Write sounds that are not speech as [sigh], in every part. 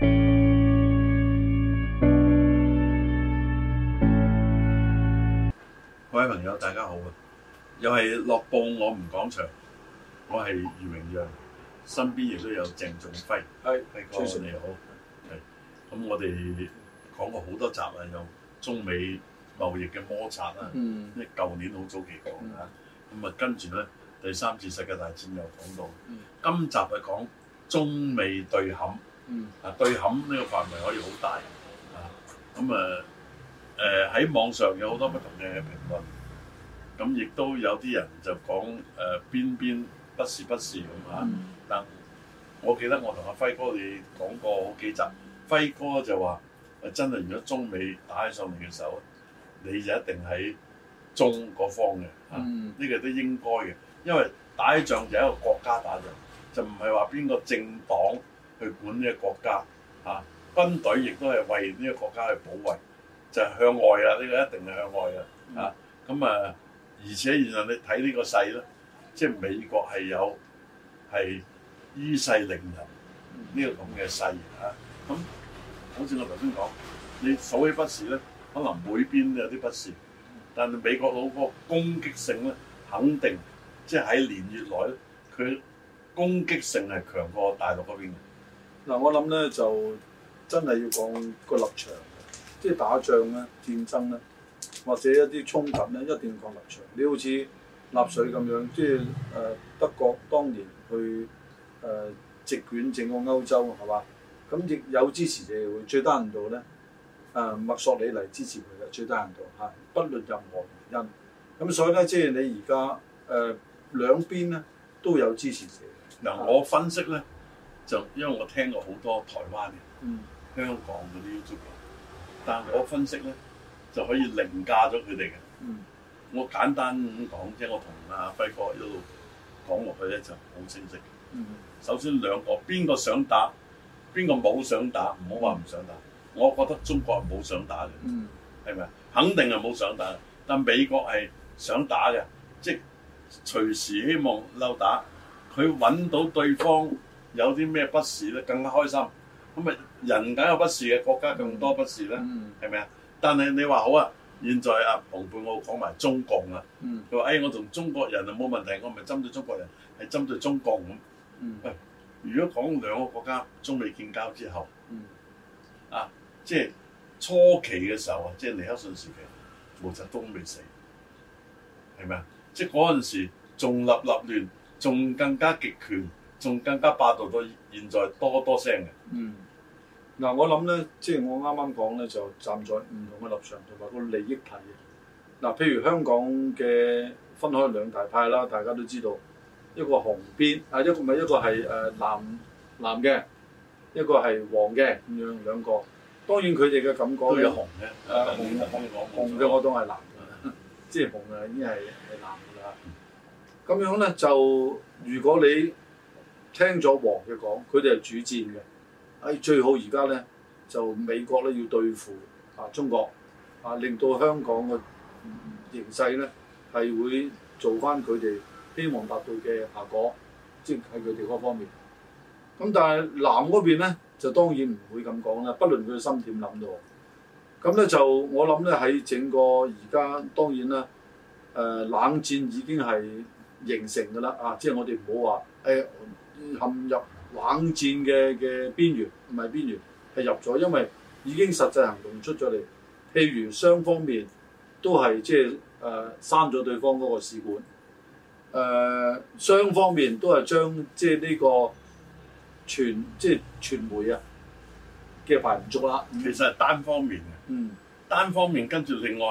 各位朋友，大家好啊！又係樂報我們講場，我係余榮耀，身邊亦都有鄭仲輝。係、哎，主持人個你好。係，咁我哋講過好多集啊，有中美貿易嘅摩擦啦，即係舊年好早期講啦。咁、嗯、啊，跟住咧，第三次世界大戰又講到，嗯、今集係講中美對撼。嗯、啊對撼呢個範圍可以好大，啊咁誒誒喺網上有好多不同嘅評論，咁、啊、亦都有啲人就講誒邊邊不是不是咁啊，但、嗯啊、我記得我同阿輝哥你講過好幾集，輝哥就話誒、啊、真係如果中美打起上嚟嘅時候，你就一定喺中嗰方嘅，呢、啊嗯、個都應該嘅，因為打起仗就係一個國家打仗，就唔係話邊個政黨。去管呢個國家，嚇、啊、軍隊亦都係為呢個國家去保衞，就係、是、向外啦！呢、這個一定係向外啊！咁、嗯、啊，而且原來你睇呢個勢咧，即、就、係、是、美國係有係於、這個、恃勢凌人呢個咁嘅勢啊！咁好似我頭先講，你數起不是咧，可能每邊都有啲不是，但係美國佬嗰攻擊性咧，肯定即係喺年月內佢攻擊性係強過大陸嗰邊。嗱，我諗咧就真係要講個立場，即係打仗咧、戰爭咧，或者一啲衝突咧，一定要講立場。你好似納粹咁樣，嗯、即係誒、呃、德國當年去誒、呃、席捲整個歐洲，係嘛？咁亦有支持者，會最得人道最低限度咧，誒、呃、墨索里尼支持佢嘅，最得人道最低限度嚇，不論任何原因。咁所以咧，即係你而家誒兩邊咧都有支持者。嗱，嗯、我分析咧。就因為我聽過好多台灣嘅、嗯、香港嗰啲足球，但係我分析咧就可以凌駕咗佢哋嘅。嗯、我簡單咁講，即係我同阿輝哥一路講落去咧就好清晰。嗯、首先兩個邊個想打，邊個冇想打，唔好話唔想打。我覺得中國係冇想打嘅，係咪、嗯、肯定係冇想打，但美國係想打嘅，即係隨時希望撈打。佢揾到對方。有啲咩不是咧，更加開心。咁啊，人梗有不是嘅，國家仲多不呢、嗯、是咧，係咪啊？但係你話好啊，現在阿蓬佩奧講埋中共啊，佢話、啊嗯：哎，我同中國人啊冇問題，我咪針對中國人，係針對中共咁。喂、嗯哎，如果講兩個國家中美建交之後，嗯、啊，即係初期嘅時候啊，即係尼克遜時期，毛澤東未死，係咪啊？即係嗰陣時仲立立亂，仲更加極權。仲更加霸道到現在多多聲嘅。嗯，嗱，我諗咧，即係我啱啱講咧，就站在唔同嘅立場同埋個利益睇嗱，譬如香港嘅分開兩大派啦，大家都知道一個紅邊啊，一個咪一個係誒藍藍嘅，一個係黃嘅咁樣兩個。當然佢哋嘅感覺都有紅嘅。誒紅嘅，紅嘅我都係藍嘅，即係紅嘅已經係係藍㗎啦。咁樣咧就如果你聽咗黃嘅講，佢哋係主戰嘅，誒、哎、最好而家咧就美國咧要對付啊中國，啊令到香港嘅形勢咧係會做翻佢哋希望達到嘅效、啊、果，即係佢哋嗰方面。咁、嗯、但係南嗰邊咧就當然唔會咁講啦，不論佢心點諗到。咁、嗯、咧就我諗咧喺整個而家當然啦，誒、呃、冷戰已經係形成㗎啦，啊即係我哋唔好話誒。哎陷入冷戰嘅嘅邊緣，唔係邊緣，係入咗，因為已經實際行動出咗嚟。譬如雙方面都係即係誒閂咗對方嗰個使館，誒、呃、雙方面都係將即係呢個傳即係、呃、傳媒啊嘅排唔足啦。嗯、其實係單方面嘅，嗯，單方面跟住另外。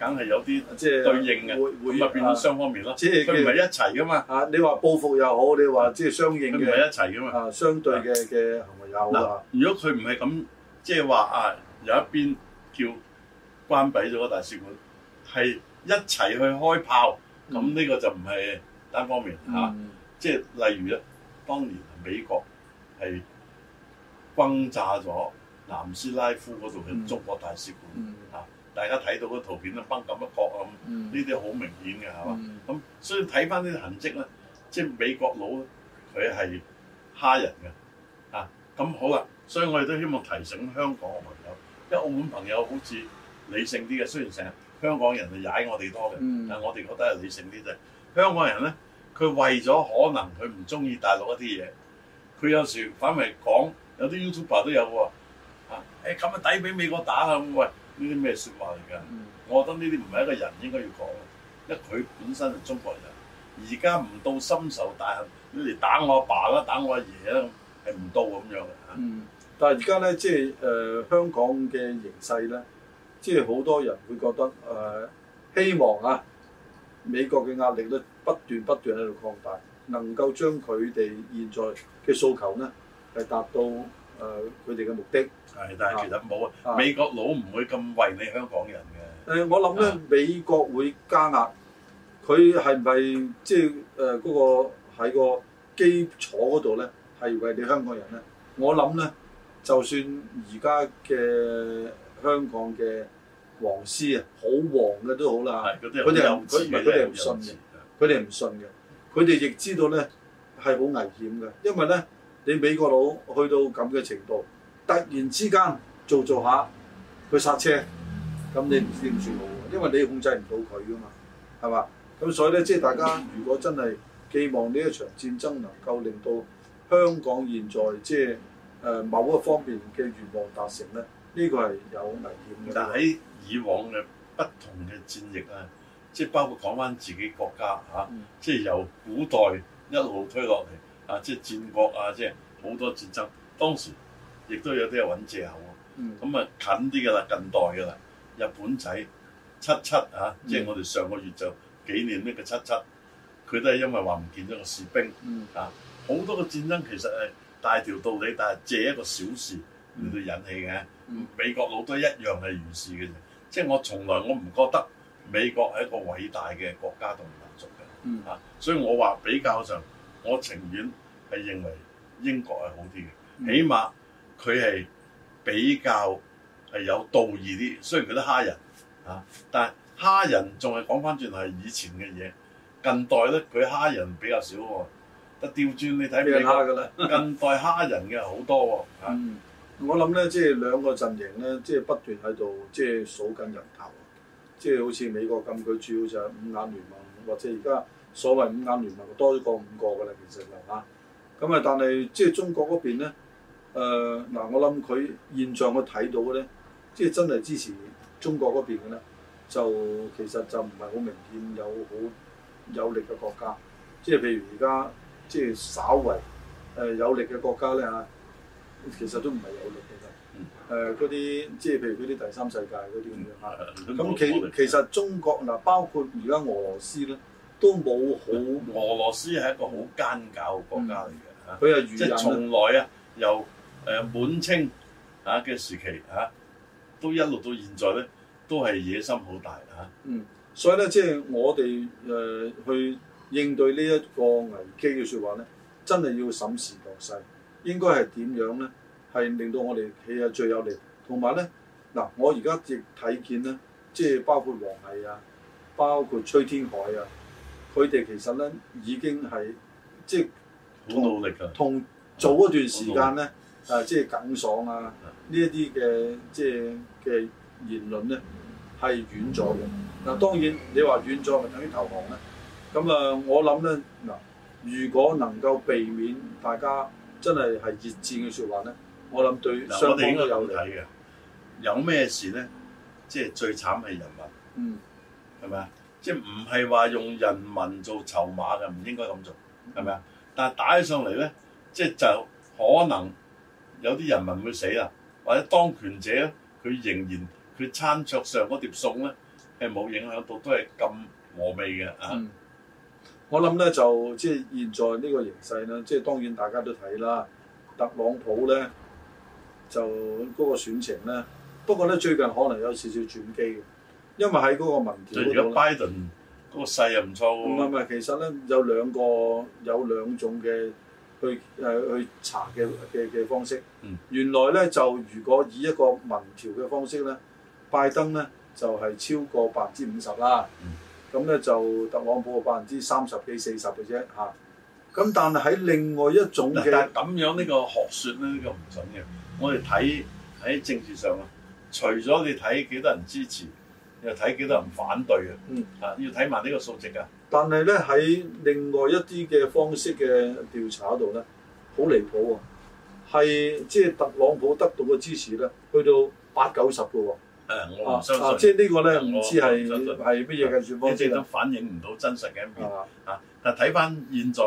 梗係有啲即係對應嘅，咁啊變咗雙方面咯。即係佢唔係一齊噶嘛。啊，你話報復又好，你話、啊、即係相應嘅。佢唔係一齊噶嘛、啊。相對嘅嘅係咪有啊？如果佢唔係咁，即係話啊，有一邊叫關閉咗個大使館，係一齊去開炮。咁呢、嗯、個就唔係單方面嚇、啊嗯啊。即係例如咧，當年美國係轟炸咗南斯拉夫嗰度嘅中國大使館啊。大家睇到嗰圖片都崩咁一角啊，呢啲好明顯嘅係嘛？咁所以睇翻啲痕跡咧，即係美國佬佢係蝦人嘅啊！咁好啦，所以我哋都希望提醒香港嘅朋友，因為澳門朋友好似理性啲嘅。雖然成日香港人嚟踩我哋多嘅，嗯、但係我哋覺得係理性啲啫。香港人咧，佢為咗可能佢唔中意大陸一啲嘢，佢有時反為講有啲 YouTuber 都有喎啊！誒咁啊，抵俾美國打啊！喂～呢啲咩説話嚟㗎？嗯、我覺得呢啲唔係一個人應該要講嘅，因為佢本身就係中國人，而家唔到深仇大恨你嚟打我阿爸啦，打我阿爺啦，係唔到咁樣嘅。嗯，但係而家咧，即係誒香港嘅形勢咧，即係好多人會覺得誒、呃、希望啊美國嘅壓力咧不斷不斷喺度擴大，能夠將佢哋現在嘅訴求咧係達到誒佢哋嘅目的。係，但係其實冇啊！美國佬唔會咁為你香港人嘅。誒、呃，我諗咧，啊、美國會加壓，佢係唔係即係誒嗰個喺個基礎嗰度咧，係為你香港人咧？我諗咧，就算而家嘅香港嘅黃絲啊，黃好黃嘅都好啦，佢哋唔佢哋唔信嘅，佢哋唔信嘅，佢哋亦知道咧係好危險嘅，因為咧你美國佬去到咁嘅程度。突然之間做做下，佢剎車，咁你唔知點算好喎？因為你控制唔到佢噶嘛，係嘛？咁所以咧，即係大家如果真係寄望呢一場戰爭能夠令到香港現在即係誒、呃、某一方面嘅願望達成咧，呢、這個係有危險嘅。但喺以往嘅不同嘅戰役啊，即係包括講返自己國家嚇、啊，嗯、即係由古代一路推落嚟啊，即係戰國啊，即係好多戰爭當時。亦都有啲係揾借口喎，咁啊、嗯、近啲嘅啦，近代嘅啦，日本仔七七啊，嗯、即係我哋上個月就紀念呢個七七，佢都係因為話唔見咗個士兵、嗯、啊，好多個戰爭其實係大條道理，但係借一個小事嚟到引起嘅。嗯、美國佬都一樣係如是嘅啫，即係我從來我唔覺得美國係一個偉大嘅國家同民族嘅，啊，嗯、所以我話比較上，我情願係認為英國係好啲嘅，起碼。佢係比較係有道義啲，雖然佢都蝦人啊，但係蝦人仲係講翻轉係以前嘅嘢，近代咧佢蝦人比較少喎，得調轉你睇你蝦㗎啦。近代蝦人嘅好多喎、啊 [laughs] 嗯、我諗咧，即係兩個陣營咧，即係不斷喺度即係數緊人頭，即係好似美國咁，佢主要就係五眼聯盟，或者而家所謂五眼聯盟多咗過五個㗎啦，其實係嚇。咁啊，但係即係中國嗰邊咧。誒嗱、呃，我諗佢現狀我睇到嘅咧，即係真係支持中國嗰邊嘅咧，就其實就唔係好明顯有好有力嘅國家，即係譬如而家即係稍為誒、呃、有力嘅國家咧嚇，其實都唔係有力嘅。嗯、呃。誒嗰啲即係譬如嗰啲第三世界嗰啲咁樣。咁其、嗯、那其實中國嗱，包括而家俄羅斯咧，都冇好。俄羅斯係一個好奸狡嘅國家嚟嘅嚇。佢又即係從來啊，由誒、呃、滿清啊嘅時期啊，都一路到現在咧，都係野心好大嚇。啊、嗯，所以咧，即、就、係、是、我哋誒、呃、去應對呢一個危機嘅説話咧，真係要審時度勢，應該係點樣咧？係令到我哋企喺最有利。同埋咧，嗱，我而家亦睇見咧，即、就、係、是、包括王毅啊，包括崔天凱啊，佢哋其實咧已經係即係好努力㗎。同早嗰段時間咧。誒、啊，即係耿爽啊！呢一啲嘅即係嘅言論咧，係軟咗嘅。嗱、啊，當然你話軟咗咪等於投降咧？咁啊，我諗咧嗱，如果能夠避免大家真係係熱戰嘅説話咧，我諗對都，嗱，我哋應該有睇嘅。有咩事咧？即係最慘係人民，嗯，係咪啊？即係唔係話用人民做籌碼嘅？唔應該咁做，係咪啊？但係打起上嚟咧，即係就可能。有啲人民會死呀，或者當權者咧，佢仍然佢餐桌上嗰碟餸咧係冇影響到，都係咁和味嘅啊。我諗咧就即係現在呢個形勢咧，即係當然大家都睇啦。特朗普咧就嗰個選情咧，不過咧最近可能有少少轉機嘅，因為喺嗰個民調。即係如果拜登嗰個勢又唔錯喎。唔係唔係，其實咧有兩個有兩種嘅。去誒去查嘅嘅嘅方式，嗯、原來咧就如果以一個民調嘅方式咧，拜登咧就係、是、超過百分之五十啦，咁咧、嗯、就特朗普百分之三十幾四十嘅啫嚇。咁、啊、但係喺另外一種嘅咁樣呢個學説咧呢、呢個唔準嘅。我哋睇喺政治上啊，除咗你睇幾多人支持，又睇幾多人反對嘅，嗯、啊要睇埋呢個數值㗎、啊。但係咧喺另外一啲嘅方式嘅調查度咧，好離譜喎、啊，係即係特朗普得到嘅支持咧，去到八九十個喎。我唔相信。啊啊、即係呢個咧唔知係係咩嘢計算方式啦，啊、反映唔到真實嘅一面嚇、嗯嗯啊。但睇翻現在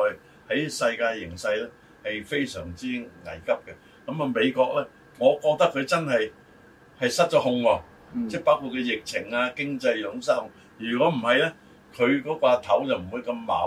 喺世界形勢咧係非常之危急嘅。咁啊，嗯嗯、啊美國咧，我覺得佢真係係失咗控喎，即、嗯、係包括佢疫情啊、經濟樣失控如果唔係咧？嗯嗯嗯佢嗰個頭就唔會咁麻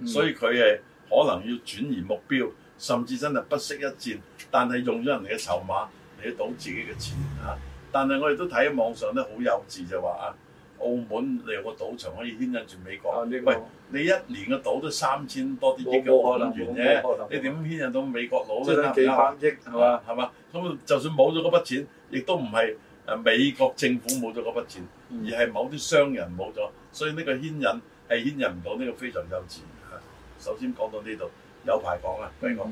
喎，所以佢係可能要轉移目標，甚至真係不惜一戰，但係用咗人哋嘅籌碼嚟賭自己嘅錢嚇。但係我哋都睇喺網上咧好幼稚就話啊，澳門你有個賭場可以牽引住美國，啊這個、喂你一年嘅賭都三千多啲億嘅可能完啫，你點牽引到美國佬咧？即係幾百億係嘛係嘛？咁吧嗎就算冇咗嗰筆錢，亦都唔係。誒，美國政府冇咗嗰筆錢，而係某啲商人冇咗，所以呢個牽引係牽引唔到，呢個非常幼稚嚇。首先講到呢度有排講喇，不如我。